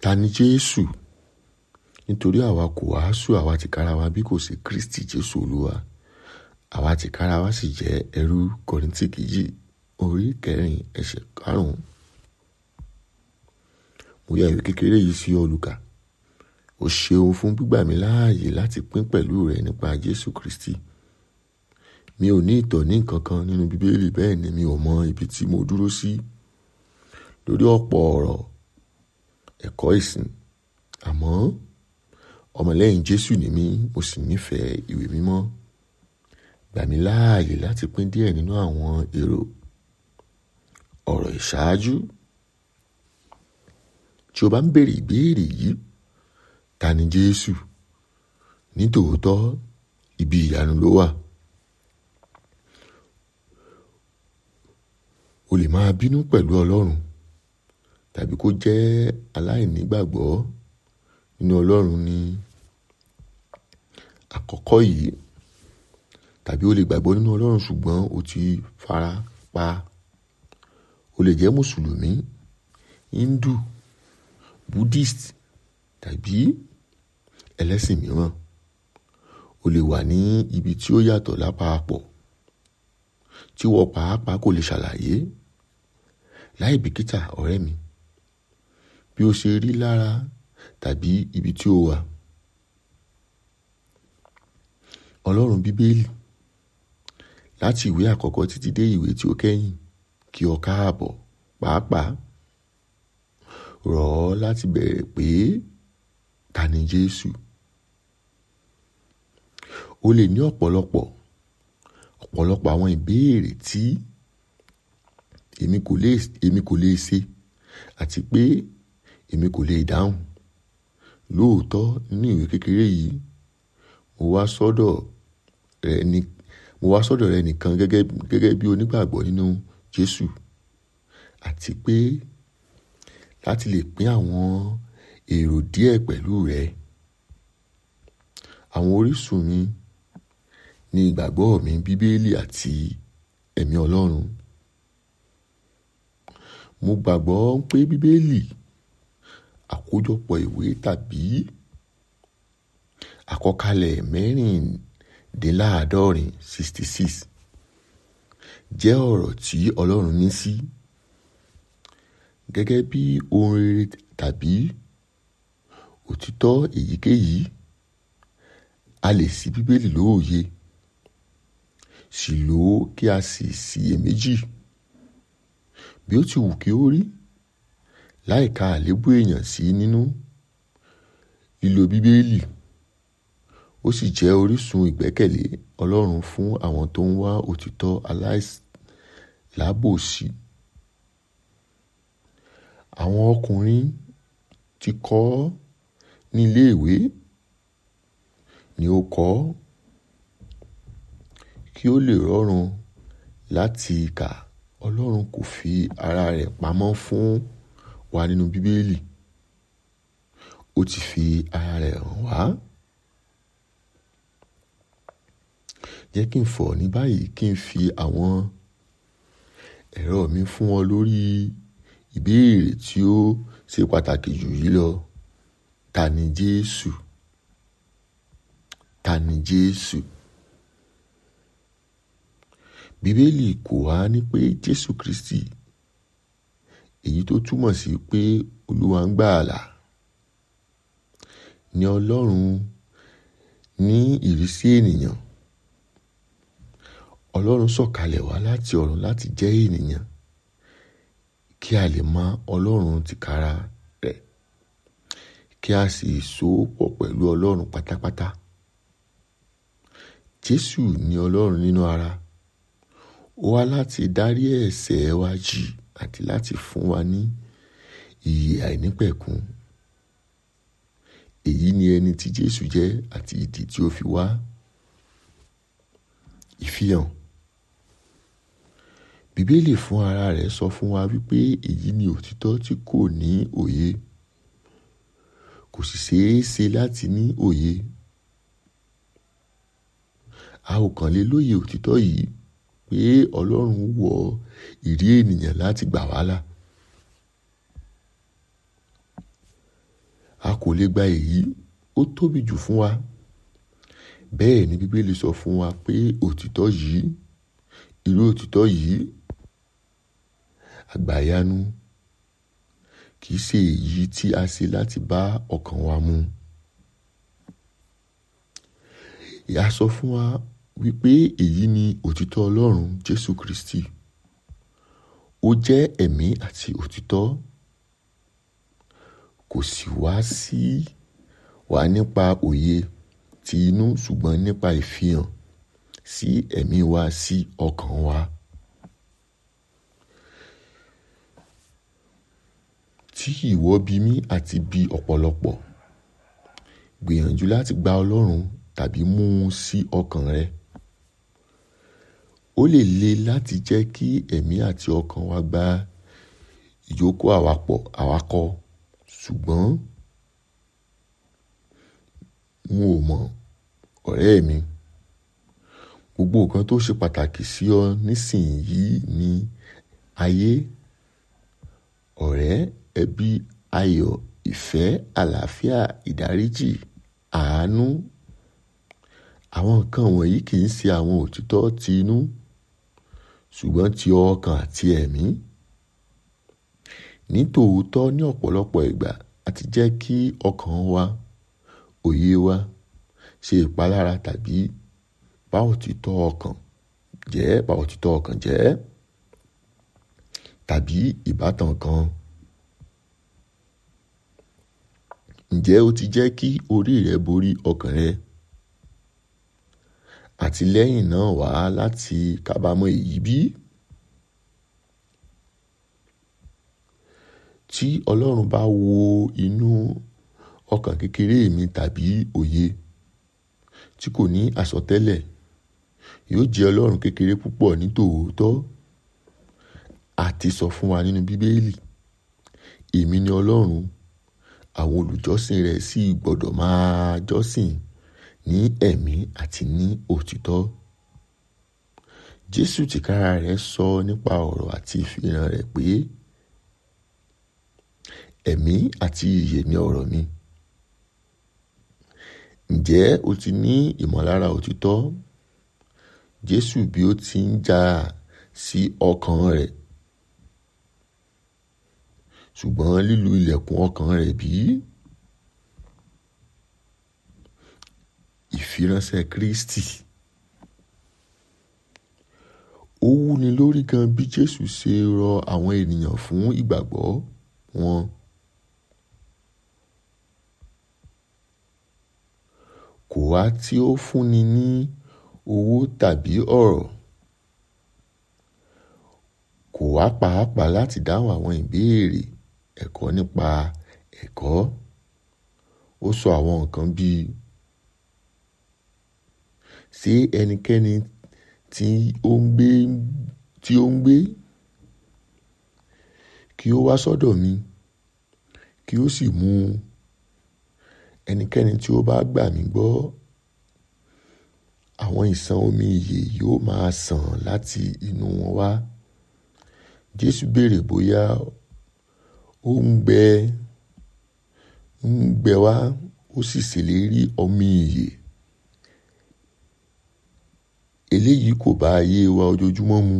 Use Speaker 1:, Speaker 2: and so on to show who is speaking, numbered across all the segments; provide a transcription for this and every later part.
Speaker 1: ta ni Jésù nítorí àwa kò wàásù àwa tìkára wa bí kò sí Kristi Jésù Olúwa àwa tìkára wa sì jẹ́ ẹrú Kọ́ríńtì kejì orí kẹrin ẹsẹ̀ karùn-ún mo yà ìwé kékeré yìí sí olùkà o ṣeun fún gbígbà mí láàyè láti pín pẹ̀lú rẹ nípa Jésù Kristi mi ò ní ìtọ́ni kankan nínú Bíbélì bẹ́ẹ̀ ni mi ò mọ ibi tí mo dúró sí lórí ọ̀pọ̀ ọ̀rọ̀ ẹ̀kọ́ ìsìn àmọ́ ọmọlẹ́yìn Jésù ni mí mo sì nífẹ̀ẹ́ ìwé mímọ́ gbà mí láàyè láti pín díẹ̀ nínú àwọn èrò ọ̀rọ̀ ìṣáájú tí o bá ń béèrè ìbéèrè yìí ta ni Jésù nítòótọ́ ibi ìyanu ló wà. o lè máa bínú pẹ̀lú Ọlọ́run tàbí kó jẹ́ aláìnígbàgbọ́ nínú Ọlọ́run ni àkọ́kọ́ yìí. Tàbí o lè gbàgbọ́ nínú Ọlọ́run ṣùgbọ́n o ti fara pa. O lè jẹ́ Mùsùlùmí, Hindu, Buddhist tàbí ẹlẹ́sìn mìíràn. O lè wà ní ibi tí ó yàtọ̀ lápapọ̀ tí ìwọ pàápàá kò lè ṣàlàyé. Láì bìkítà ọ̀rẹ́ mi, bí ó ṣe rí lára tàbí ibi tí ó wà. Ọlọ́run Bíbélì láti ìwé àkọ́kọ́ títí dé ìwé tí ó kẹ́yìn kí ọ káàbọ̀ pàápàá rọ̀ ọ́ láti bẹ̀rẹ̀ pé ta ni Jésù. O lè ní ọ̀pọ̀lọpọ̀ ọ̀pọ̀lọpọ̀ àwọn ìbéèrè tí èmi kò lè ṣe àti pé èmi kò lè dáhùn. Lóòótọ́ ní ìwé kékeré yìí, mo wá sọ́dọ̀ rẹ ni, mo wá sọ́dọ̀ rẹ nìkan gẹ́gẹ́, gẹ́gẹ́ bí onígbàgbọ́ nínú Jésù àti pé láti lè pín àwọn èrò díẹ̀ pẹ̀lú rẹ. Àwọn orísun mi ni ìgbàgbọ́ mi, Bíbélì àti ẹ̀mí Ọlọ́run. Mo gbàgbọ́ pé Bíbélì àkójọpọ̀ ìwé tàbí àkọkalẹ̀ mẹ́rìndínláàádọ́rin sixty six jẹ́ ọ̀rọ̀ tí Ọlọ́run mí sí gẹ́gẹ́ bí ohun rere tàbí òtítọ́ èyíkéyìí a lè ṣí Bíbélì lóòye sì lò ó kí a sì ṣiyèméjì bí ó ti wù kí ó rí láì ka àléébù èèyàn sí nínú lílo bíbélì ó sì jẹ́ orísun ìgbẹ́kẹ̀lé Ọlọ́run fún àwọn tó ń wá òtítọ́ aláìlábòsí. Àwọn ọkùnrin tí kọ́ ní ilé ni ó kọ́ kí ó lè rọrùn láti kà. Ọlọ́run kò fi ara rẹ̀ pamọ́ fún wà nínú bíbélì ó ti fi ara rẹ̀ hàn wá. jẹ́ kí n fọ̀ ní báyìí kí n fi àwọn ẹ̀rọ mi fún ọ lórí ìbéèrè tí ó ṣe pàtàkì jù yìí lọ ta ni Jésù ta ni Jésù bíbélì kò wá ní pé Jésù Kristi èyí tó túmọ̀ sí pé Olúwa ń gbàlà ni Ọlọ́run ní ìrísí ènìyàn Ọlọ́run sọ̀kalẹ̀ wá láti ọ̀run láti jẹ́ ènìyàn kí a lè mọ Ọlọ́run tìkára rẹ̀ kí a sì sòpọ̀ pẹ̀lú Ọlọ́run pátápátá Jésù ni Ọlọ́run nínú ara ó wá láti dárí ẹ̀ṣẹ̀ wa jì àti láti fún wa ní ìyè àìnípẹ̀kun. Èyí ni ẹni tí Jésù jẹ́ àti ìdí tí ó fi wá. Ìfihàn Bíbélì fún ara rẹ̀ sọ fún wa wípé èyí ni òtítọ́ tí kò ní òye. Kò sì ṣeé ṣe láti ní òye. A ò kàn lè lóye òtítọ́ yìí pé Ọlọ́run wọ ìrí ènìyàn láti gbà wá là. a kò lè gba èyí ó tóbi jù fún wa bẹ́ẹ̀ ni Bíbélì sọ fún wa pé òtítọ́ yìí irú òtítọ́ yìí àgbàyanu kì í ṣe èyí tí a ṣe láti bá ọkàn wa mu. Ìyá sọ fún wa wípé èyí ni òtítọ́ Ọlọ́run Jésù Kristi. Ó jẹ́ ẹ̀mí àti òtítọ́. Kò sì wá sí wá nípa òye ti inú ṣùgbọ́n nípa ìfihàn sí ẹ̀mí wa sí ọkàn wa. Tí ìwọ bi mí àti bi ọ̀pọ̀lọpọ̀, gbìyànjú láti gba Ọlọ́run tàbí mú un sí ọkàn rẹ ó lè le láti jẹ́ kí ẹ̀mí àti ọkàn wa gba ìyókù àwakọ̀ ṣùgbọ́n n ò mọ̀ ọ̀rẹ́ mi. Gbogbo nǹkan tó ṣe pàtàkì sí ọ nísìnyí ni ayé, ọ̀rẹ́, ẹbí, ayọ̀, ìfẹ́, àlàáfíà, ìdáríjì, àánú. Àwọn nǹkan wọ̀nyí kì í ṣe àwọn òtítọ́ ti inú ṣùgbọ́n ti ọkàn àti ẹ̀mí. Ní tòótọ́ ní ọ̀pọ̀lọpọ̀ ìgbà a ti jẹ́ kí ọkàn wa òye wa ṣe ìpalára tàbí bá òtítọ́ ọkàn jẹ́ bá òtítọ́ ọkàn jẹ́ tàbí ìbátan kan. Ǹjẹ́ o ti jẹ́ kí orí rẹ borí ọkàn rẹ? àtìlẹ́yìn náà wá láti kábàámọ̀ èyí bí? Tí Ọlọ́run bá wo inú ọkàn kékeré mi tàbí òye tí kò ní àsọtẹ́lẹ̀, yóò jẹ́ Ọlọ́run kékeré púpọ̀ ní tòótọ́ àti sọ fún wa nínú Bíbélì. Èmi ni Ọlọ́run, àwọn olùjọ́sìn rẹ̀ sì gbọ́dọ̀ máa jọ́sìn ní ẹ̀mí àti ní òtítọ́. Jésù tìkára rẹ̀ sọ nípa ọ̀rọ̀ àti ìfihàn rẹ̀ pé ẹ̀mí àti ìyè ni ọ̀rọ̀ mi. Ǹjẹ́ o ti ní ìmọ̀lára òtítọ́? Jésù bí ó ti ń jà sí ọkàn rẹ̀ ṣùgbọ́n lílu ilẹ̀kùn ọkàn rẹ̀ bí? ìfiránṣẹ́ Kristi. Ó wúni lórí gan bí Jésù ṣe rọ àwọn ènìyàn fún ìgbàgbọ́ wọn. Kò wá tí ó fúnni ní owó tàbí ọ̀rọ̀. Kò wá pàápàá láti dáhùn àwọn ìbéèrè ẹ̀kọ́ nípa ẹ̀kọ́. Ó sọ àwọn nǹkan bíi sí ẹnikẹ́ni tí ó ń gbé tí ó ń gbé kí ó wá sọ́dọ̀ mi kí ó sì mú un ẹnikẹ́ni tí ó bá gbà mí gbọ́ àwọn ìṣàn omi ìyè yóò máa sàn láti inú wọn wá jésù béèrè bóyá ó ń gbẹ ń gbẹ wá ó sì ṣèlérí omi ìyè eléyìí kò bá ayé wa ojoojúmọ́ mu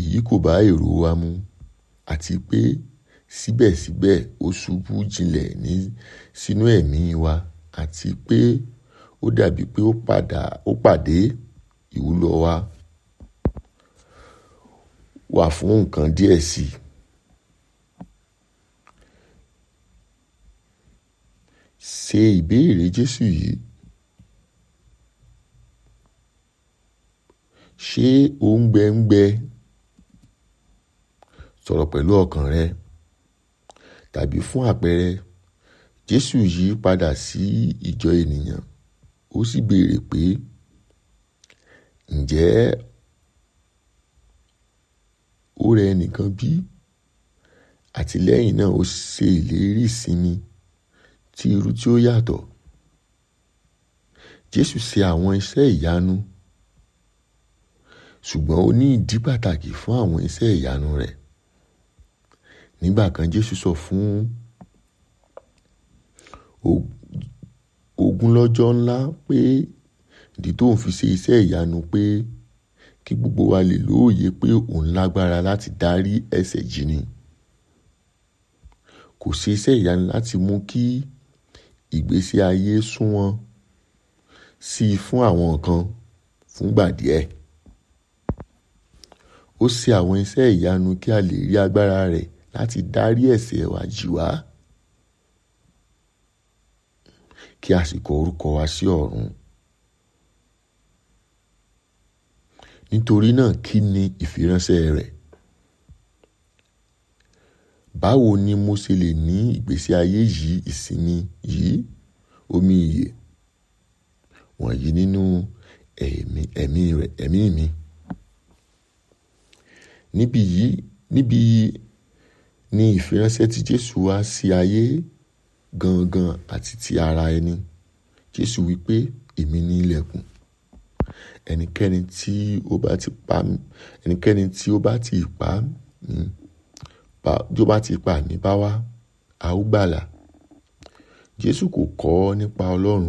Speaker 1: èyí kò bá èrò wa mu àti pé síbẹ̀síbẹ̀ ó ṣubú jinlẹ̀ ní sínú ẹ̀mí wa àti pé ó dàbí pé ó pàdé ìwúlò wa wà fún nǹkan díẹ̀ sí i. ṣe ìbéèrè Jésù yìí Ṣé ò ń gbẹ́ngbẹ́? Sọ̀rọ̀ pẹ̀lú ọkàn rẹ. Tàbí fún àpẹẹrẹ, Jésù yí padà sí ìjọ ènìyàn, ó sì béèrè pé, "Ǹjẹ́ ó rẹ ẹnìkan bí?" Àti lẹ́yìn náà ó ṣe ìlérí ìsinmi tí irú tí ó yàtọ̀. Jésù ṣe àwọn iṣẹ́ ìyanu ṣùgbọ́n ó ní ìdí pàtàkì fún àwọn iṣẹ́ ìyanu rẹ̀. Nígbà kan Jésù sọ fún ogunlọ́jọ́ ńlá pé ìdí tó ń fi ṣe iṣẹ́ ìyanu pé kí gbogbo wa lè lóòye pé òun lágbára láti dárí ẹ̀ṣẹ̀ jì Kò ṣe iṣẹ́ ìyanu láti mú kí ìgbésí ayé súnwọ̀n sí i fún àwọn kan fúngbà díẹ̀ ó ṣe àwọn iṣẹ́ ìyanu kí a lè rí agbára rẹ̀ láti dárí ẹ̀ṣẹ̀ wa jì wá. Kí a sì kọ orúkọ wa sí ọ̀run. Nítorí náà kí ni ìfiránṣẹ́ rẹ̀? Báwo ni mo ṣe lè ní ìgbésí ayé yìí ìsinmi yìí omi ìyè? Wọ̀nyí nínú ẹ̀mí ẹ̀mí rẹ̀ ẹ̀mí mi. Níbi yìí, níbi yìí ni ìfiránṣẹ́ ti Jésù wá sí ayé gangan àti ti ara ẹni. Jésù wípé, èmi ni ìlẹ̀kùn. Ẹnikẹ́ni tí ó bá ti pa mí, ẹnikẹ́ni tí ó bá ti pa mí, tí ó bá ti pa mi bá wá, a ó gbàlà. Jésù kò kọ́ nípa Ọlọ́run.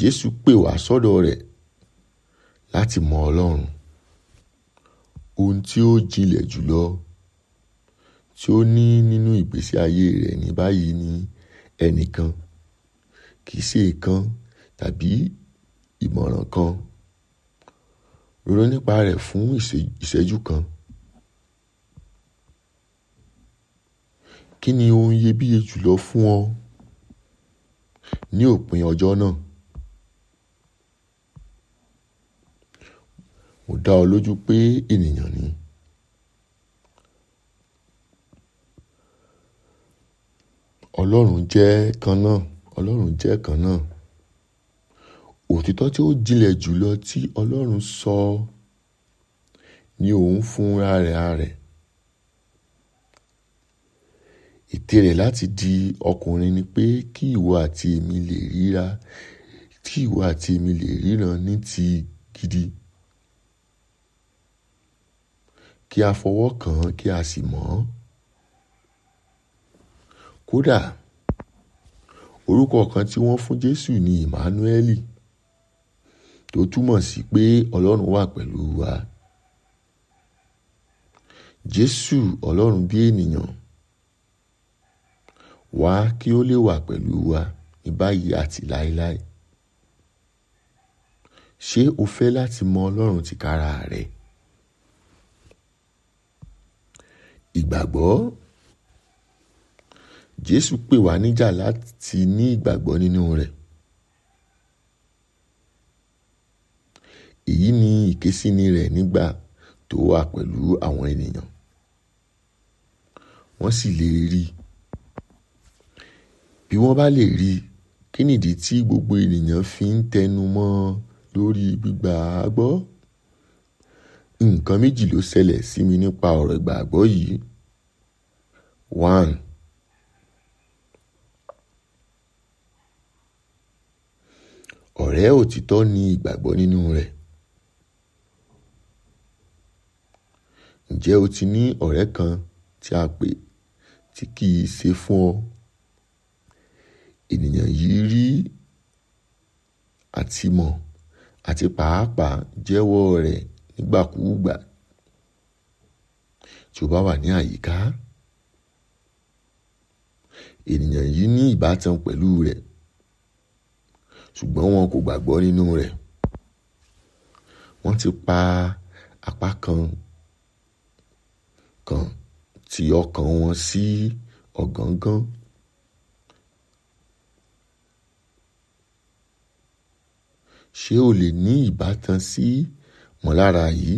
Speaker 1: Jésù pè wá sọ́dọ̀ rẹ̀ láti mọ Ọlọ́run ohun tí ó jinlẹ̀ jùlọ tí ó ní nínú ìgbésí ayé rẹ̀ ní báyìí ni ẹnìkan, kì í ṣe ìkan tàbí ìmọ̀ràn kan. Ronú nípa rẹ̀ fún ìṣẹ́jú kan. Kí ni ohun iyebíye jùlọ fún ọ ní òpin ọjọ́ náà? ó dá ọ lójú pé ènìyàn ni. ọlọ́run jẹ́ kan náà ọlọ́run jẹ́ kan náà òtítọ́ tí ó jinlẹ̀ jùlọ tí ọlọ́run sọ ni òun fúnra rẹ̀ rẹ̀ ète rẹ̀ láti di ọkùnrin ni pé kí ìwọ àti èmi lè ríra kí ìwọ àti èmi lè ríran ní ti gidi. kí a fọwọ́ kàn án kí a sì mọ̀ ọ́n. Kódà orúkọ kan tí wọ́n fún Jésù ni Ìmánúẹ́lì tó túmọ̀ sí pé Ọlọ́run wà pẹ̀lú wa. Jésù Ọlọ́run bí ènìyàn wá kí ó lè wà pẹ̀lú wa ní báyìí àti láéláé. Ṣé o fẹ́ láti mọ Ọlọ́run tìkára rẹ̀? Ìgbàgbọ́. Jésù pè wá níjà láti ní ìgbàgbọ́ nínú rẹ̀. Èyí ni ìkésíni rẹ̀ nígbà tó wà pẹ̀lú àwọn ènìyàn. Wọ́n sì lè rí i. Bí wọ́n bá lè rí i, kí nìdí tí gbogbo ènìyàn fi ń tẹnu mọ́ lórí gbígbà á gbọ́? Nǹkan méjì ló ṣẹlẹ̀ sí mi nípa ọ̀rọ̀ ìgbàgbọ́ yìí. One, ọ̀rẹ́ òtítọ́ ní ìgbàgbọ́ nínú rẹ̀. Ǹjẹ́ o ti ní ọ̀rẹ́ kan tí a pè tí kì í ṣe fún ọ? Ènìyàn yìí rí àti àti pàápàá jẹ́wọ́ rẹ̀ nígbàkúùgbà tí o bá wà ní àyíká ènìyàn yìí ní ìbátan pẹ̀lú rẹ̀ ṣùgbọ́n wọn kò gbàgbọ́ nínú rẹ̀ wọ́n ti pa apá kan kan ti ọkàn wọn sí ọ̀gángán. ṣé o lè ní ìbátan sí mọ̀lára yìí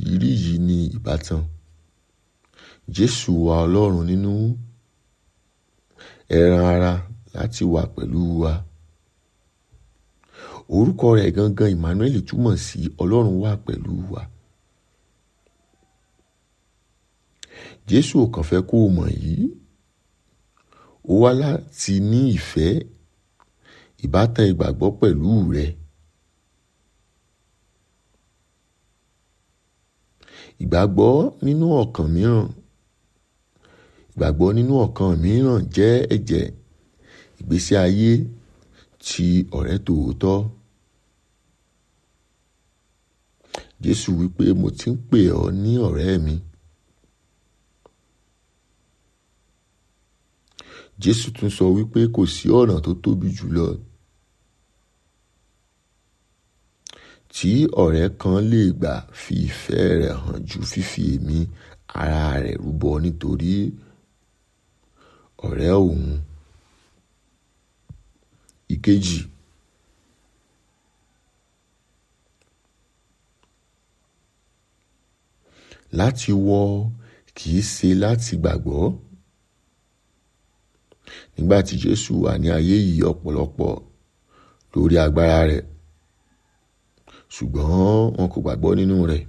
Speaker 1: ìrírí yìí ni ìbátan. Jésù wa Ọlọ́run nínú ẹran ara láti wà pẹ̀lú wa. Orúkọ rẹ̀ gangan Emmanuel túmọ̀ sí Ọlọ́run wà pẹ̀lú wa. Jésù ò kàn fẹ́ kó o mọ̀ yìí. Ó wá láti ní ìfẹ́ ìbátan ìgbàgbọ́ pẹ̀lú rẹ̀. Ìgbàgbọ́ nínú ọkàn mìíràn. Ìgbàgbọ́ nínú ọkàn mìíràn jẹ́ ẹ̀jẹ̀ ìgbésí ayé ti ọ̀rẹ́ tòótọ́. Jésù wípé mo ti ń pè ọ́ ní ọ̀rẹ́ mi. Jésù tún sọ wípé kò sí ọ̀nà tó tóbi jùlọ tí ọ̀rẹ́ kan lè gbà fi ìfẹ́ rẹ̀ hàn ju fífi ẹ̀mí ara rẹ̀ rúbọ nítorí ọ̀rẹ́ òun. Ìkejì, láti wọ kì í ṣe láti gbàgbọ́. Nígbà tí Jésù wà ní ayé yìí ọ̀pọ̀lọpọ̀ lórí agbára rẹ̀ ṣùgbọ́n wọn kò gbàgbọ́ nínú rẹ̀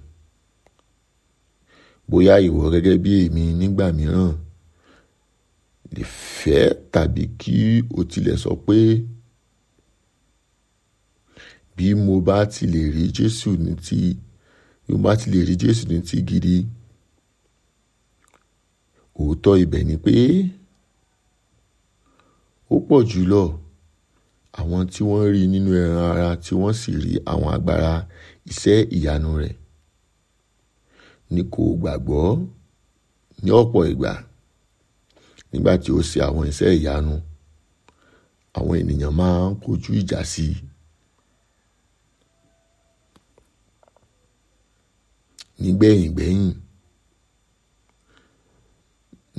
Speaker 1: bóyá ìwọ gẹ́gẹ́ bí èmi nígbà mìíràn lè fẹ́ tàbí kí o tilẹ̀ sọ pé bí mo bá ti lè rí Jésù ní ti bí mo bá ti lè rí Jésù ní ti gidi òótọ́ ibẹ̀ ni pé ó pọ̀ jùlọ àwọn tí wọ́n rí nínú ẹran ara tí wọ́n sì rí àwọn agbára iṣẹ́ ìyanu rẹ̀ ni kò gbàgbọ́ ní ọ̀pọ̀ ìgbà nígbà tí ó ṣe àwọn iṣẹ́ ìyanu àwọn ènìyàn máa ń kojú ìjà sí i. nígbẹ̀yìn gbẹ̀yìn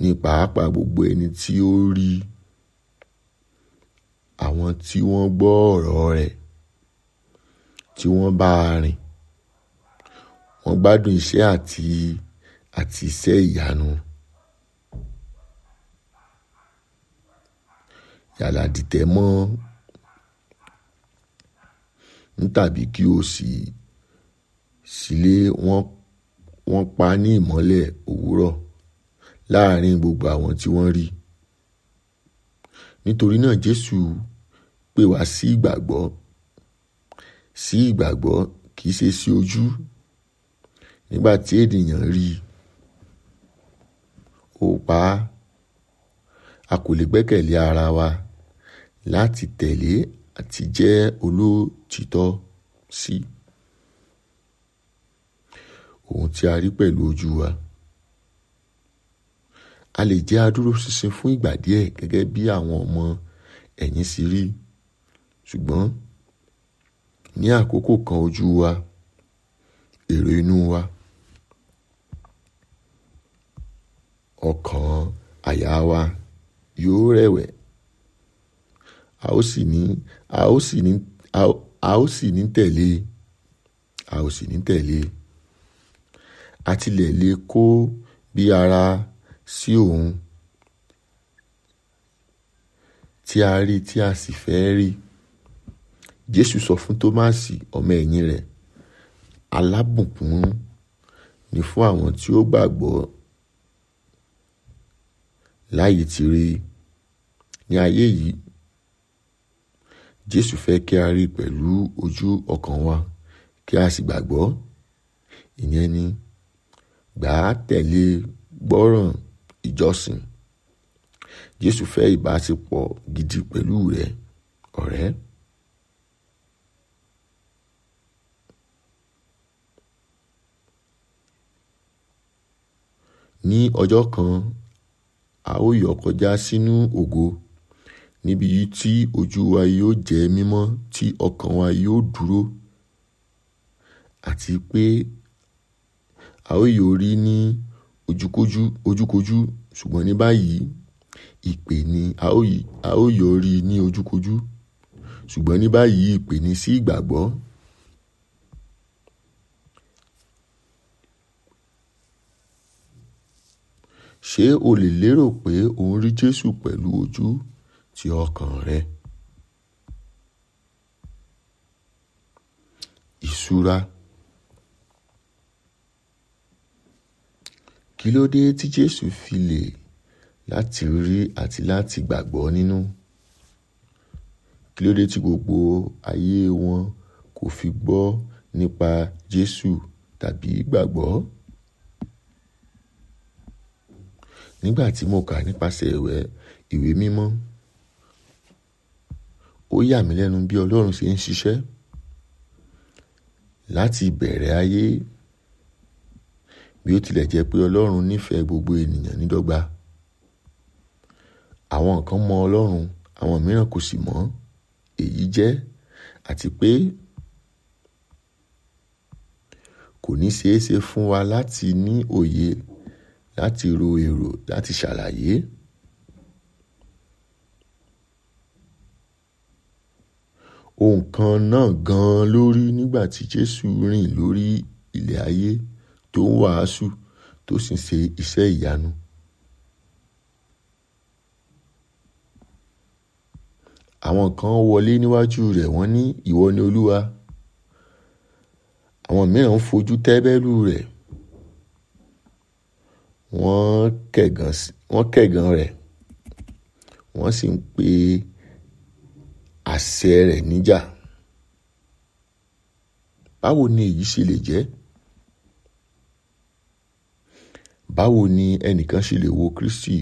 Speaker 1: ní pàápàá gbogbo ẹni tí ó rí i àwọn tí wọ́n gbọ́ ọ̀rọ̀ rẹ̀ tí wọ́n bá a rìn wọ́n gbádùn iṣẹ́ àti àti iṣẹ́ ìyanu. yàlà dìtẹ̀ mọ́ ń tàbí kí o sì sílé wọ́n wọ́n pa ní ìmọ́lẹ̀ òwúrọ̀ láàrin gbogbo àwọn tí wọ́n rí. nítorí náà Jésù pè wá sí ìgbàgbọ́ sí ìgbàgbọ́ kì í ṣe sí ojú nígbà tí ènìyàn rí i ó pa á a kò lè gbẹ́kẹ̀lé ara wa láti tẹ̀lé àti jẹ́ olótìtọ́ sí ohun tí a rí pẹ̀lú ojú wa a lè jẹ́ adúróṣinṣin fún ìgbà díẹ̀ gẹ́gẹ́ bí àwọn ọmọ ẹ̀yìn sí rí. Ṣùgbọ́n ní àkókò kan ojú wa, èrò inú wa, ọkàn àyà wa yóò rẹ̀wẹ̀. A ó sì ní, a ó sì ní, a ó sì ní tẹ̀lé, a ó sì ní tẹ̀lé. A tilẹ̀ lè kó bí ara sí òun tí a rí tí a sì fẹ́ rí jésù sọ fún tómásì ọmọ ẹ̀yìn rẹ̀ alábùkún ni fún àwọn tí ó gbàgbọ́ láàyè ti rí ní ayé yìí jésù fẹ́ kí a rí pẹ̀lú ojú ọkàn wa kí a sì gbàgbọ́ ìyẹn ni gbà á tẹ̀lé gbọ́ràn ìjọsìn jésù fẹ́ ìbáṣepọ̀ gidi pẹ̀lú rẹ ọ̀rẹ́. Ní ọjọ́ kan, a ó yọ́ kọjá sínú ògo, níbi tí ojú wa yóò jẹ́ mímọ́ tí ọkàn wa yóò dúró, àti pé a ó yóò rí ní ojúkójú, Ṣùgbọ́n ní báyìí, ìpè ni a ó, a ó yọ́ rí ní ojúkójú. Ṣùgbọ́n ní báyìí, ìpè ni sí ìgbàgbọ́. ṣé o lè lérò pé o ń rí Jésù pẹ̀lú ojú ti ọkàn rẹ? Ìṣúra Kí ló dé tí Jésù fi lè láti rí àti láti gbàgbọ́ nínú? Kí ló dé tí gbogbo ayé wọn kò fi gbọ́ nípa Jésù tàbí gbàgbọ́? Nígbà tí mo kà nípasẹ̀ ìwé mímọ́, ó yà mí lẹ́nu bí Ọlọ́run ṣe ń ṣiṣẹ́. Láti ìbẹ̀rẹ̀ ayé, bí ó tilẹ̀ jẹ́ pé Ọlọ́run nífẹ̀ẹ́ gbogbo ènìyàn ní dọ́gba. Àwọn kan mọ Ọlọ́run, àwọn mìíràn kò sì mọ̀. Èyí jẹ́ àti pé kò ní ṣeéṣe fún wa láti ní òye láti ro èrò láti ṣàlàyé. ohun kan náà gan-an ló rí nígbà tí jésù rìn lórí ilẹ̀ ayé tó ń wàásù tó sì ń ṣe iṣẹ́ ìyanu. àwọn kan wọlé níwájú rẹ̀ wọ́n ní ìwọ ni olúwa àwọn mìíràn ń fojú tẹ́bẹ́lú rẹ̀ wọ́n kẹ̀gàn wọ́n kẹ̀gàn rẹ̀ wọ́n sì ń pe àṣẹ rẹ̀ níjà báwo ni èyí ṣe lè jẹ́ báwo ni ẹnìkan ṣe lè wo Kristi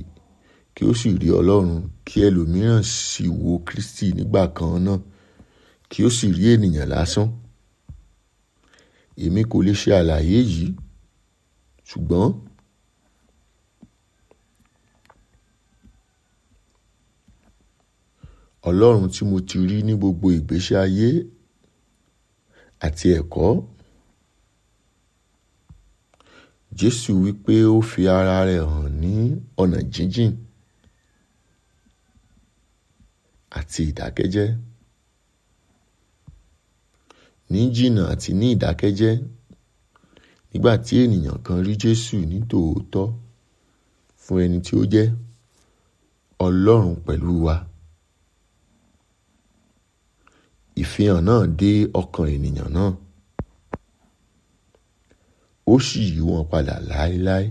Speaker 1: kí ó sì rí Ọlọ́run kí ẹlòmíràn sì wo Kristi nígbà kan náà kí ó sì rí ènìyàn lásán èmi kò lè ṣe àlàyé yìí ṣùgbọ́n Ọlọ́run tí mo ti rí ní gbogbo ìgbésí ayé àti ẹ̀kọ́. Jésù wípé ó fi ara rẹ̀ hàn ní ọ̀nà jíjìn àti ìdákẹ́jẹ́. Ní jìnnà àti ní ìdákẹ́jẹ́, nígbà tí ènìyàn kan rí Jésù ní tòótọ́ fún ẹni tí ó jẹ́ Ọlọ́run pẹ̀lú wa ìfihàn náà dé ọkàn ènìyàn náà ó sì yí wọn padà láéláé.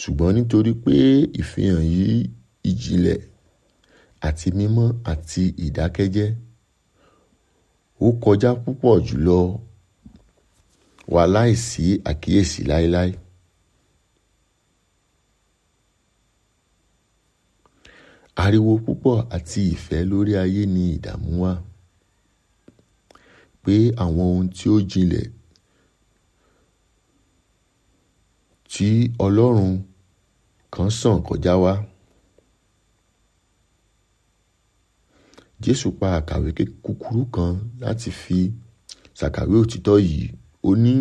Speaker 1: ṣùgbọ́n nítorí pé ìfihàn yìí ìjìnlẹ̀ àti mímọ́ àti ìdákẹ́jẹ́ ó kọjá púpọ̀ jùlọ wà láìsí àkíyèsí láéláé. ariwo púpọ̀ àti ìfẹ́ lórí ayé ni ìdààmú wa pé àwọn ohun tí ó jinlẹ̀ tí Ọlọ́run kan sàn kọjá wa. Jésù pa àkàwé kúkúrú kan láti fi ṣàkàwé òtítọ́ yìí. Ó ní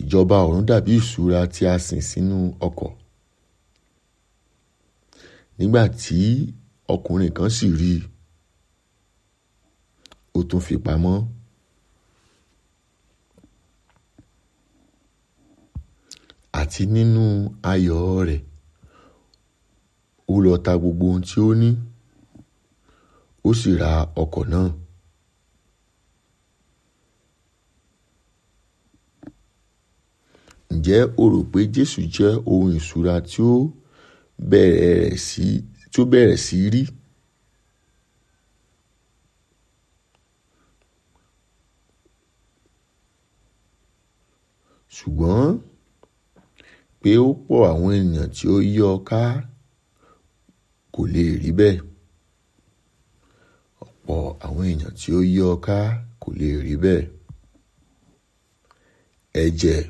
Speaker 1: ìjọba ọ̀run dàbí ìṣúra tí a sìn sínú ọkọ̀ nígbà tí ọkùnrin kan sì rí i ó tún fi pamọ́. àti nínú ayọ̀ rẹ̀ ó lọ ta gbogbo ohun tí ó ní ó sì ra ọkọ̀ náà. ǹjẹ́ o rò pé Jésù jẹ́ ohun ìṣúra tí ó bẹ̀rẹ̀ sí tí ó bẹ̀rẹ̀ sí rí. ṣùgbọ́n pé ó pọ̀ àwọn ènìyàn tí ó yí ọ ká kò lè rí bẹ́ẹ̀ ọ̀pọ̀ àwọn èèyàn tí ó yí ọ kò lè rí bẹ́ẹ̀ ẹ̀jẹ̀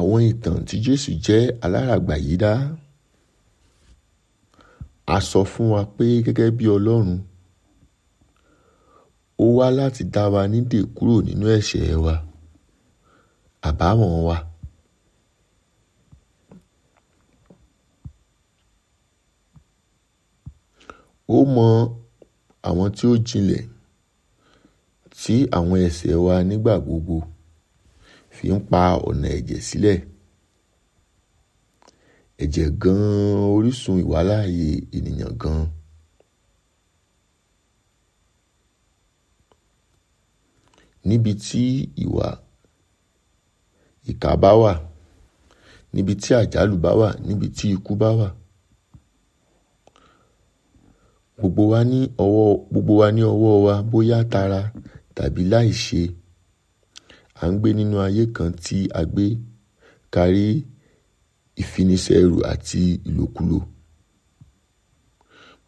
Speaker 1: àwọn ìtàn tí Jésù jẹ́ aláràgbà yìí dá. A sọ fún wa pé gẹ́gẹ́ bí Ọlọ́run ó wá láti dá wa nídè kúrò nínú ẹ̀ṣẹ̀ wa àbámọ̀ wa. Ó mọ àwọn tí ó jinlẹ̀ sí àwọn ẹ̀ṣẹ̀ wa nígbà gbogbo fi ń pa ọ̀nà ẹ̀jẹ̀ sílẹ̀. Ẹ̀jẹ̀ gan-an orísun ìwàláàyè ènìyàn gan-an. Níbi tí ìwà ìkà bá wà, níbi tí àjálù bá wà, níbi tí ikú bá wà, gbogbo wa ní ọwọ́, wa bóyá tara tàbí láìṣe. À ń gbé nínú ayé kan tí a gbé kárí ìfiniṣẹrú àti ìlòkulò.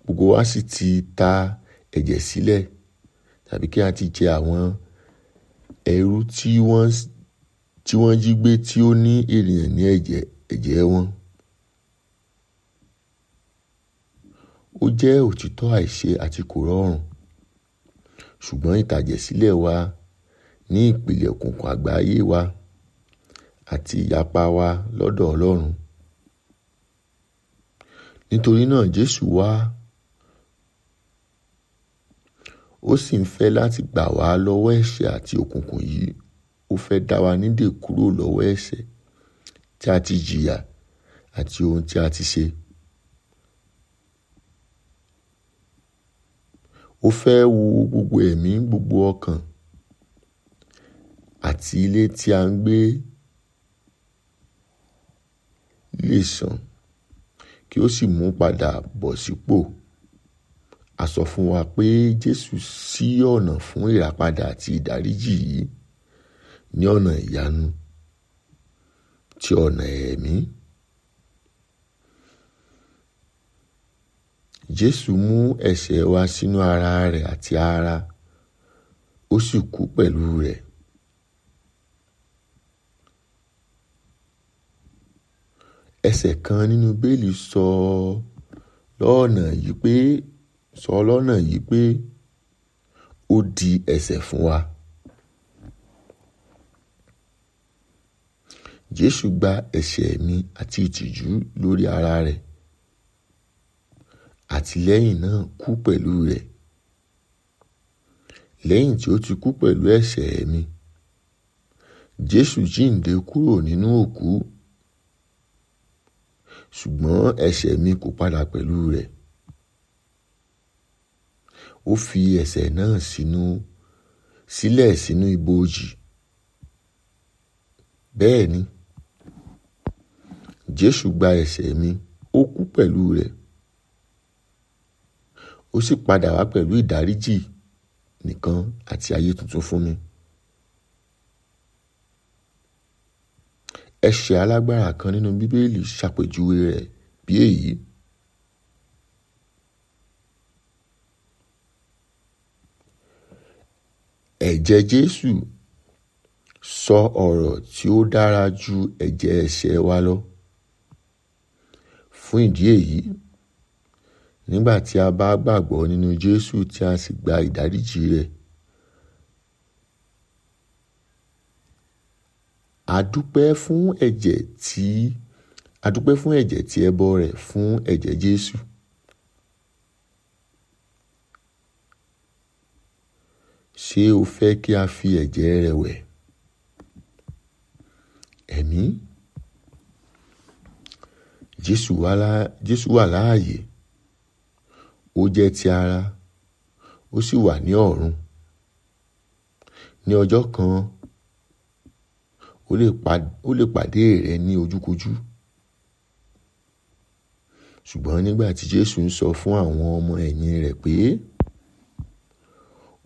Speaker 1: Gbogbo wa sì ti ta ẹ̀jẹ̀ sílẹ̀ tàbí kí a ti jẹ àwọn ẹrú tí wọ́n, tí wọ́n jí gbé tí ó ní ènìyàn ní ẹ̀jẹ̀, wọn. Ó jẹ́ òtítọ́ àìṣe àti kò rọrùn. Ṣùgbọ́n ìtàjẹ̀ sílẹ̀ wa ní ìpìlẹ̀ òkùnkùn àgbáyé wa àti ìyapa wa lọ́dọ̀ Ọlọ́run. Nítorí náà Jésù wá ó sì ń fẹ́ láti gbà wá lọ́wọ́ ẹ̀ṣẹ̀ àti òkùnkùn yìí ó fẹ́ dá wa nídè kúrò lọ́wọ́ ẹ̀ṣẹ̀ tí a ti jìyà àti ohun tí a ti ṣe. Ó fẹ́ wo gbogbo ẹ̀mí gbogbo ọkàn àti ilé tí à ń gbé lè san kí ó sì mú padà bọ̀ sípò. A sọ fún wa pé Jésù ṣí ọ̀nà fún ìràpadà àti ìdáríjì yìí ní ọ̀nà ìyanu ti ọ̀nà ẹ̀mí. Jésù mú ẹ̀ṣẹ̀ wa sínú ara rẹ̀ àti ara ó sì kú pẹ̀lú rẹ̀. ẹsẹ̀ kan nínú bẹ́ẹ̀lì sọ lọ́nà yìí pé sọ lọ́nà yìí pé ó di ẹ̀ṣẹ̀ fún wa. Jésù gba ẹ̀ṣẹ̀ mi àti ìtìjú lórí ara rẹ̀ àti lẹ́yìn náà kú pẹ̀lú rẹ̀. Lẹ́yìn tí ó ti kú pẹ̀lú ẹ̀ṣẹ̀ mi, Jésù jíǹde kúrò nínú òkú ṣùgbọ́n ẹ̀ṣẹ̀ mi kò padà pẹ̀lú rẹ̀. Ó fi ẹ̀ṣẹ̀ náà sínú sílẹ̀ sínú ibojì. Bẹ́ẹ̀ ni, Jésù gba ẹ̀ṣẹ̀ mi, ó kú pẹ̀lú rẹ̀. Ó sì padà wá pẹ̀lú ìdáríjì nìkan àti ayé tuntun fún mi. Ẹ̀ṣẹ̀ alágbára kan nínú Bíbélì ṣàpèjúwe rẹ̀ bí èyí. Ẹ̀jẹ̀ Jésù sọ ọ̀rọ̀ tí ó dára ju ẹ̀jẹ̀ ẹ̀ṣẹ̀ wa lọ. Fún ìdí èyí, nígbà tí a bá gbàgbọ́ nínú Jésù tí a sì gba ìdáríjì rẹ̀, a dúpẹ́ fún ẹ̀jẹ̀ tí a dúpẹ́ fún ẹ̀jẹ̀ tí ẹ bọ rẹ̀ fún ẹ̀jẹ̀ Jésù. Ṣé o fẹ́ kí a fi ẹ̀jẹ̀ rẹ̀ wẹ̀? Ẹ̀mí Jésù wà láàyè, ó jẹ́ ti ara, ó sì wà ní ọ̀run. Ní ọjọ́ kan, ó lè pàdé rẹ ní ojúkojú. Ṣùgbọ́n nígbà tí Jésù ń sọ fún àwọn ọmọ ẹ̀yìn rẹ̀ pé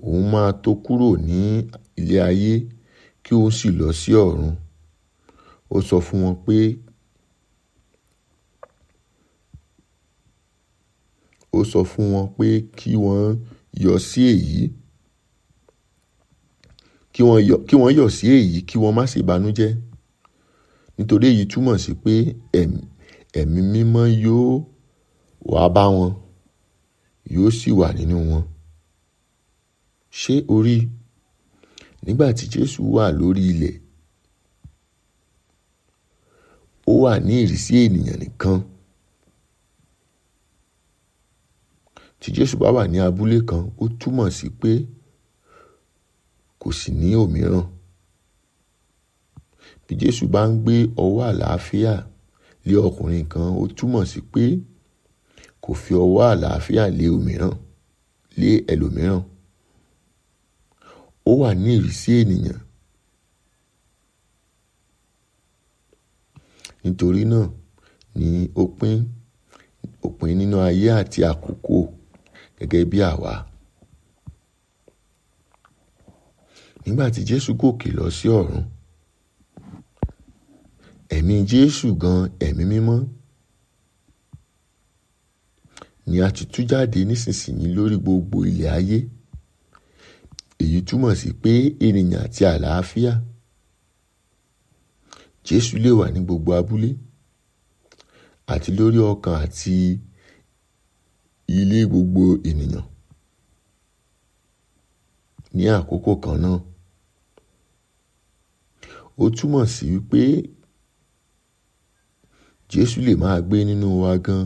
Speaker 1: òun máa tó kúrò ní ilé ayé kí òun sì lọ sí ọ̀run, ó sọ fún wọn pé ó sọ fún wọn pé kí wọ́n yọ sí èyí kí wọ́n yọ̀ sí èyí kí wọ́n má ṣe banújẹ́ nítorí èyí túmọ̀ sí pé ẹ̀mí mímọ́ yóò wá bá wọn yóò sì wà nínú wọn ṣé o rí nígbà tí Jésù wà lórí ilẹ̀ ó wà ní ìrísí ènìyàn nìkan tí Jésù bá wà ní abúlé kan ó túmọ̀ sí pé kò sì ní òmíràn. Bí Jésù bá ń gbé ọwọ́ àlàáfíà lé ọkùnrin kan, ó túmọ̀ sí pé kò fi ọwọ́ àlàáfíà lé òmíràn, lé ẹlòmíràn. Ó wà ní ìrísí ènìyàn. Nítorí náà ni ó pín òpin nínú ayé àti àkókò gẹ́gẹ́ bí àwa. nígbà tí Jésù gòkè lọ sí ọ̀run ẹ̀mí Jésù gan ẹ̀mí mímọ́ ni a ti tú jáde nísinsìnyí lórí gbogbo ilẹ̀ ayé èyí túmọ̀ sí pé ènìyàn àti àlàáfíà Jésù lè wà ní gbogbo abúlé àti lórí ọkàn àti ilé gbogbo ènìyàn ní àkókò kan náà ó túmọ̀ sí wípé Jésù lè máa gbé nínú wa gan.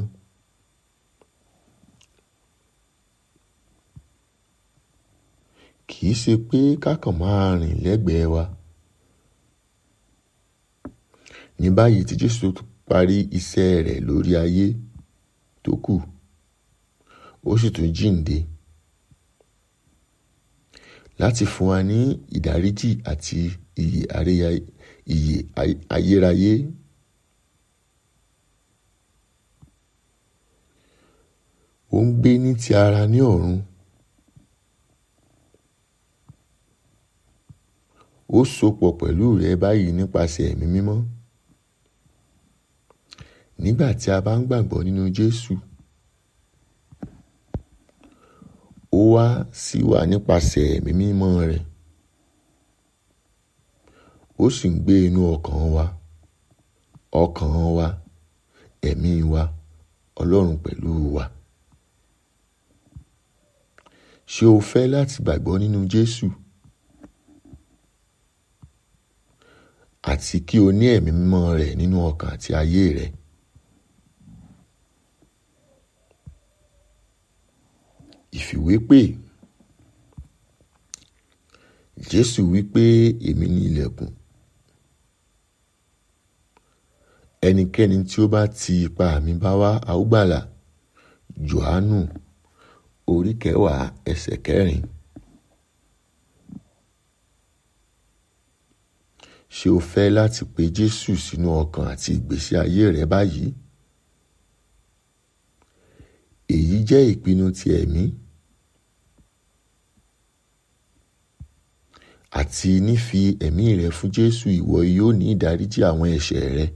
Speaker 1: kì í ṣe pé kákan máa rìn lẹ́gbẹ̀ẹ́ wa. ní báyìí tí Jésù parí iṣẹ́ rẹ̀ lórí ayé tó kù ó sì tún jíǹde láti fún wa ní ìdáríjì àti iyì ayérayé. Ó ń gbé ní ti ara ní ọ̀run. Ó sopọ̀ pẹ̀lú rẹ báyìí nípasẹ̀ ẹ̀mí mímọ́. Nígbà tí a bá ń gbàgbọ́ nínú Jésù, ó wá sí wa nípasẹ̀ ẹ̀mí mímọ́ rẹ̀ ó sì ń gbé inú ọkàn wa ọkàn wa ẹ̀mí wa ọlọ́run pẹ̀lú wa. ṣé o fẹ́ láti gbàgbọ́ nínú Jésù àti kí o ní ẹ̀mí mímọ́ rẹ̀ nínú ọkàn àti ayé rẹ? Ìfìwépè Jésù wí pé èmi ni ilẹ̀kùn Ẹnikẹ́ni tí ó bá ti ipa mi bá wá a ó gbàlà. Jòhánù orí kẹwàá ẹsẹ̀ kẹrin. Ṣé o fẹ́ láti pe Jésù sínú ọkàn àti ìgbésí ayé rẹ báyìí? Èyí jẹ́ ìpinnu ti ẹ̀mí àti nífi ẹ̀mí rẹ fún Jésù ìwọ yóò ní ìdáríjì àwọn ẹ̀ṣẹ̀ rẹ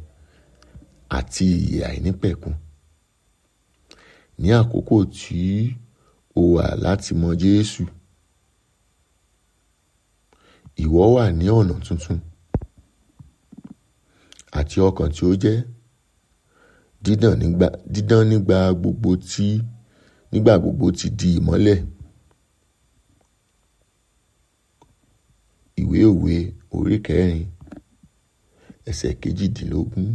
Speaker 1: àti ìyè àìnípẹ̀kun. Ní àkókò tí o wà láti mọ Jésù, ìwọ wà ní ọ̀nà tuntun àti ọkàn tí ó jẹ́ dídán nígbà, dídán nígbà gbogbo tí, nígbà gbogbo ti di ìmọ́lẹ̀. Ìwé òwe orí kẹrin ẹsẹ̀ kejìdínlógún.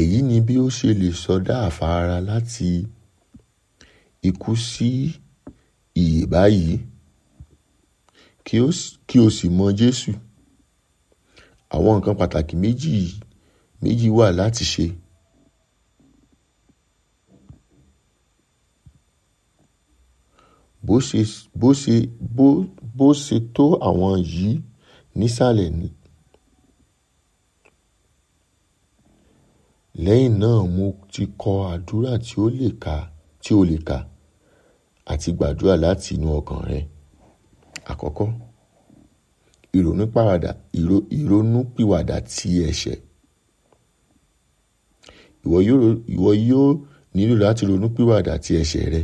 Speaker 1: èyí ni bí ó ṣe lè sọdá àfàárà láti ikú sí ìyè báyìí kí o sì mọ jésù àwọn nǹkan pàtàkì méjì méjì wà láti ṣe. bó ṣe bó ṣe bó bó ṣe tó àwọn yìí nísàlẹ̀ ni. lẹ́yìn náà mo ti kọ àdúrà tí o lè kà tí o lè kà àti gbàdúrà láti inú ọkàn rẹ. Àkọ́kọ́, ìrònúpìwàdà ìrònúpìwàdà ti ẹ̀ṣẹ̀. Ìwọ yóò, ìwọ yóò nílò láti ronúpìwàdà ti ẹ̀ṣẹ̀ rẹ.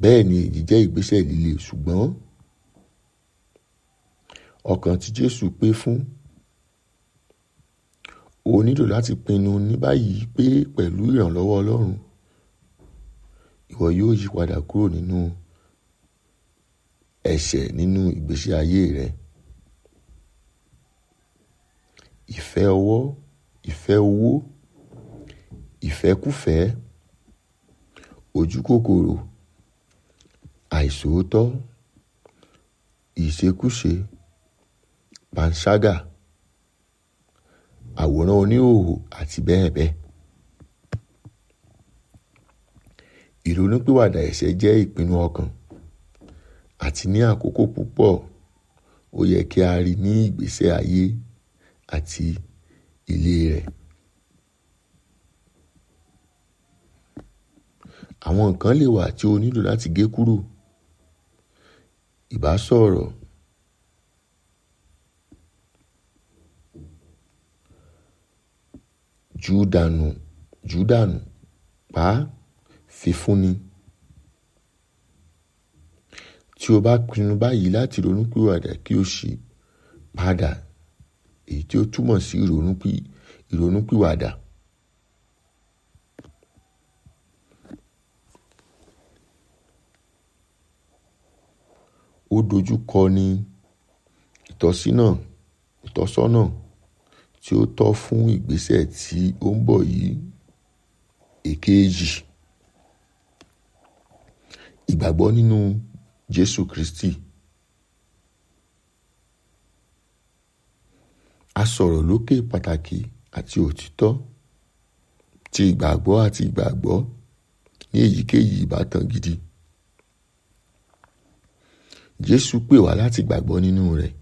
Speaker 1: Bẹ́ẹ̀ ni èyí jẹ́ ìgbésẹ̀ líle ṣùgbọ́n ọkàn tí Jésù pé fún o nílò láti pinnu ní báyìí pé pẹ̀lú ìrànlọ́wọ́ Ọlọ́run, ìwọ yóò yípadà kúrò nínú ẹ̀ṣẹ̀ nínú ìgbésí ayé rẹ. Ìfẹ́ ọwọ́, ìfẹ́ owó, ìfẹ́kúfẹ̀ẹ́, ojúkòkòrò, àìṣòótọ́, ìṣekúṣe, panṣágà àwòrán oníhòòhò àti bẹ́ẹ̀ bẹ́ẹ̀. ìrònúpìwàdà ẹ̀ṣẹ̀ jẹ́ ìpinnu ọkàn àti ní àkókò púpọ̀ ó yẹ kí a rí ní ìgbésẹ̀ ayé àti ilé rẹ̀. àwọn nǹkan lè wà tí o nílò láti gé kúrò ìbá sọ̀rọ̀ jù dànù jù dànù pa á fìfúnni. Tí o bá pinnu báyìí láti ronúpìwàdà kí o sì padà èyí tí ó túmọ̀ sí ìrònúpì ìrònúpìwàdà. Ó dojú kọ ni ìtọ́sínà ìtọ́sọ́nà tí ó tọ́ fún ìgbésẹ̀ tí ó ń bọ̀ yìí. Èkejì, ìgbàgbọ́ nínú Jésù Kristi. A sọ̀rọ̀ lókè pàtàkì àti òtítọ́ ti ìgbàgbọ́ àti ìgbàgbọ́ ní èyíkéyìí ìbátan gidi. Jésù pè wá láti gbàgbọ́ nínú rẹ̀.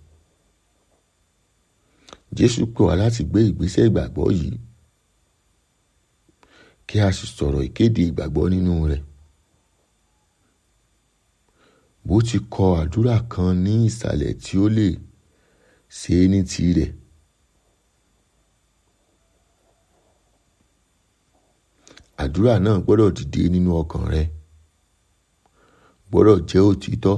Speaker 1: Jésù pè wá láti gbé ìgbésẹ̀ ìgbàgbọ́ yìí kí a sì sọ̀rọ̀ ìkéde ìgbàgbọ́ nínú rẹ̀. Bó ti kọ àdúrà kan ní ìsàlẹ̀ tí ó lè ṣe é ní tirẹ̀. Àdúrà náà gbọ́dọ̀ dìde nínú ọkàn rẹ, gbọ́dọ̀ jẹ́ òtítọ́.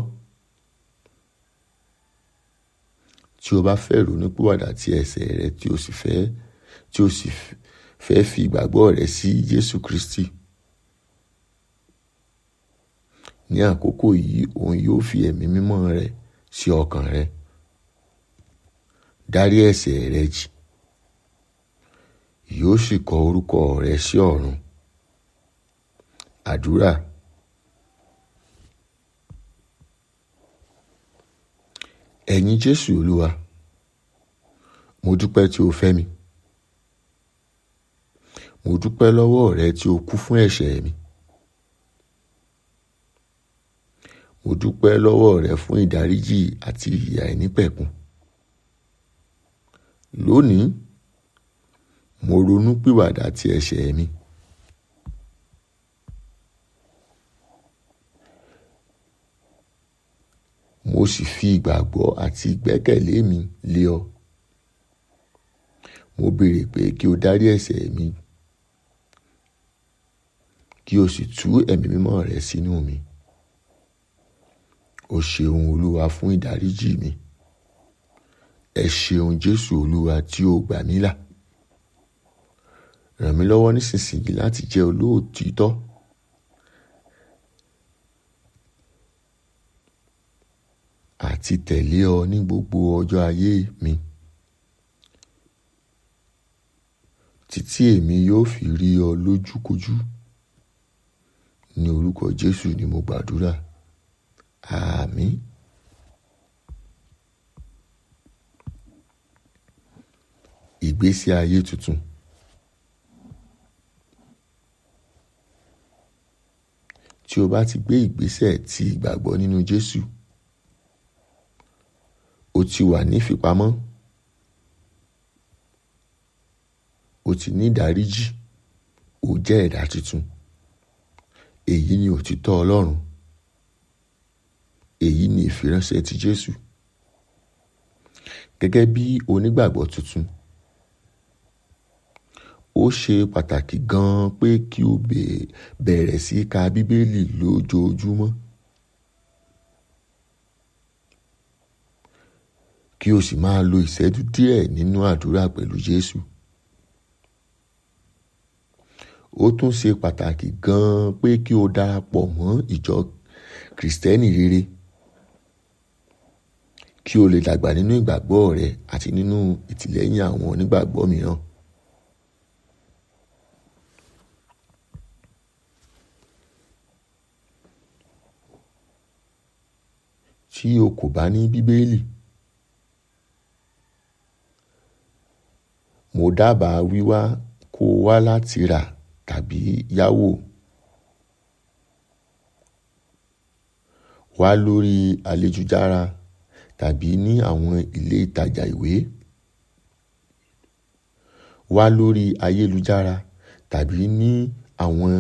Speaker 1: tí o bá fẹ́ ronúpìwàdà ti ẹ̀ṣẹ̀ rẹ tí o sì fẹ́ tí o sì fẹ́ fi ìgbàgbọ́ rẹ sí Jésù Kristi ní àkókò yìí òun yóò fi ẹ̀mí mímọ́ rẹ̀ sí ọkàn rẹ dárí ẹ̀ṣẹ̀ rẹ jì yóò sì kọ orúkọ rẹ sí ọ̀run àdúrà ẹ̀yin jésù olúwa mo dúpẹ́ tí o fẹ́ mi mo dúpẹ́ lọ́wọ́ rẹ tí o kú fún ẹ̀ṣẹ̀ mi mo dúpẹ́ lọ́wọ́ rẹ fún ìdáríjì àti ìyà ìnípẹ̀kun lónìí mo ronú pìwàdà ti ẹ̀ṣẹ̀ mi. E mo sì fi ìgbàgbọ́ àti ìgbẹ́kẹ̀lé mi lé ọ. Mo béèrè pé kí o dárí ẹ̀ṣẹ̀ mi kí o sì tú ẹ̀mí mímọ́ rẹ sínú mi. O ṣeun Olúwa fún ìdáríjì mi. Ẹ ṣeun Jésù Olúwa tí o gbà mí là. Ràn mí lọ́wọ́ nísinsìnyí láti jẹ́ olóòtítọ́ àti tẹ̀lé ọ ní gbogbo ọjọ́ ayé mi títí èmi yóò fi rí ọ lójúkojú ní orúkọ Jésù ni mo gbàdúrà àmín. ìgbésí ayé tuntun. tí o bá ti gbé ìgbésẹ̀ ti ìgbàgbọ́ nínú Jésù o ti wà ní ìfipamọ́ o ti ní ìdáríjì o jẹ́ ẹ̀dá tuntun èyí ni òtítọ́ Ọlọ́run èyí ni ìfiránṣẹ́ ti Jésù gẹ́gẹ́ bí onígbàgbọ́ tuntun ó ṣe pàtàkì gan-an pé kí o bẹ̀rẹ̀ sí ka bíbélì lójoojúmọ́. kí o sì máa lo ìṣẹ́jú díẹ̀ nínú àdúrà pẹ̀lú Jésù. Ó tún ṣe pàtàkì gan-an pé kí o darapọ̀ mọ́ ìjọ Kristẹni rere kí o lè dàgbà nínú ìgbàgbọ́ rẹ àti nínú ìtìlẹ́yìn àwọn onígbàgbọ́ mìíràn. tí o kò bá ní bíbélì mo dábàá wíwá kó o wá láti rà tàbí yáwò wá lórí ayélujára tàbí ní àwọn ilé ìtajà ìwé. Wá lórí ayélujára tàbí ní àwọn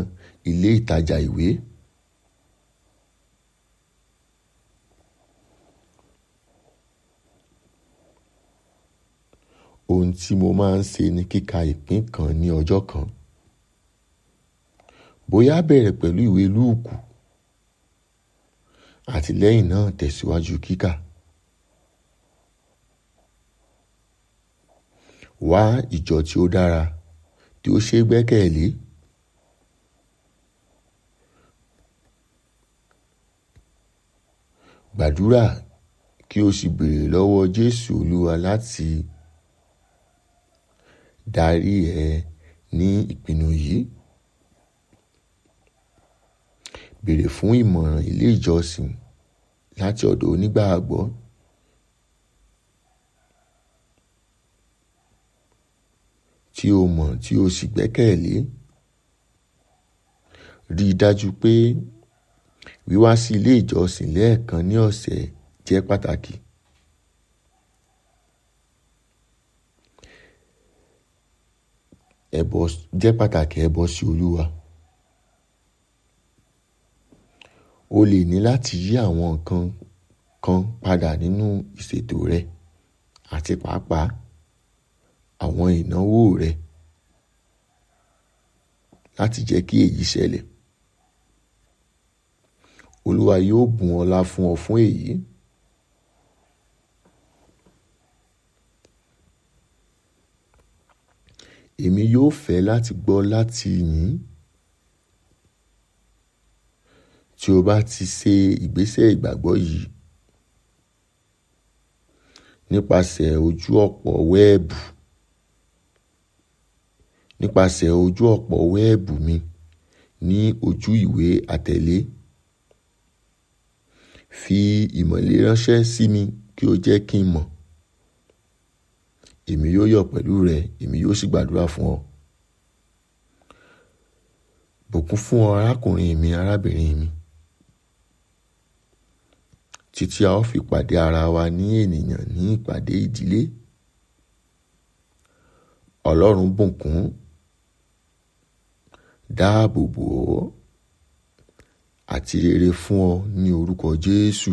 Speaker 1: ilé ìtajà ìwé. ohun tí mo máa ń ṣe ni kíka ìpín kan ní ọjọ́ kan. Bóyá bẹ̀rẹ̀ pẹ̀lú ìwé Lúùkù àti lẹ́yìn náà tẹ̀síwájú kíkà. Wá ìjọ tí ó dára tí ó ṣe gbẹ́kẹ̀lé. Gbàdúrà kí o sì béèrè lọ́wọ́ Jésù Olúwa láti darí ẹ ní ìpinnu yìí. Bèèrè fún ìmọ̀ràn ilé ìjọsìn láti ọ̀dọ̀ onígbàgbọ́. Tí o mọ̀ tí o sì gbẹ́kẹ̀lé. Rí i dájú pé wíwá sí ilé ìjọsìn lẹ́ẹ̀kan ní ọ̀sẹ̀ jẹ́ pàtàkì. ẹbọ jẹ́ pàtàkì ẹbọ sí Olúwa. O lè ní láti yí àwọn nǹkan kan padà nínú ìṣètò rẹ àti pàápàá àwọn ìnáwó rẹ láti jẹ́ kí èyí ṣẹlẹ̀. Olúwa yóò bùn ọlá fún ọ fún èyí. Èmi yóò fẹ́ láti gbọ́ láti yín. Tí o bá ti ṣe ìgbésẹ̀ ìgbàgbọ́ yìí nípasẹ̀ ojú ọ̀pọ̀ wẹ́ẹ̀bù, nípasẹ̀ ojú ọ̀pọ̀ wẹ́ẹ̀bù mi ní ojú ìwé àtẹ̀lé, fi ìmọ̀lé ránṣẹ́ sí mi kí o jẹ́ kí n mọ̀ èmi yóò yọ̀ pẹ̀lú rẹ èmi yóò sì gbàdúrà fún ọ. Bùkún fún ọ arákùnrin mi arábìnrin mi. Títí a ó fi pàdé ara wa ní ènìyàn ní ìpàdé ìdílé. Ọlọ́run bùkún dáàbò bò ọ́ àti rere fún ọ ní orúkọ Jésù.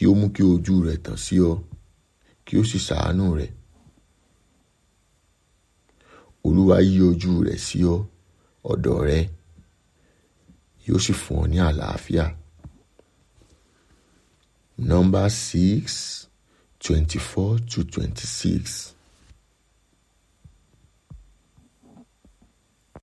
Speaker 1: kí ó mú kí ojú rẹ̀ tàn sí ọ kí ó sì ṣàánú rẹ olúwa yí ojú rẹ̀ sí ọ ọ̀dọ̀ rẹ yóò sì fún ọ ní àlàáfíà. Number six, twenty-four to twenty-six.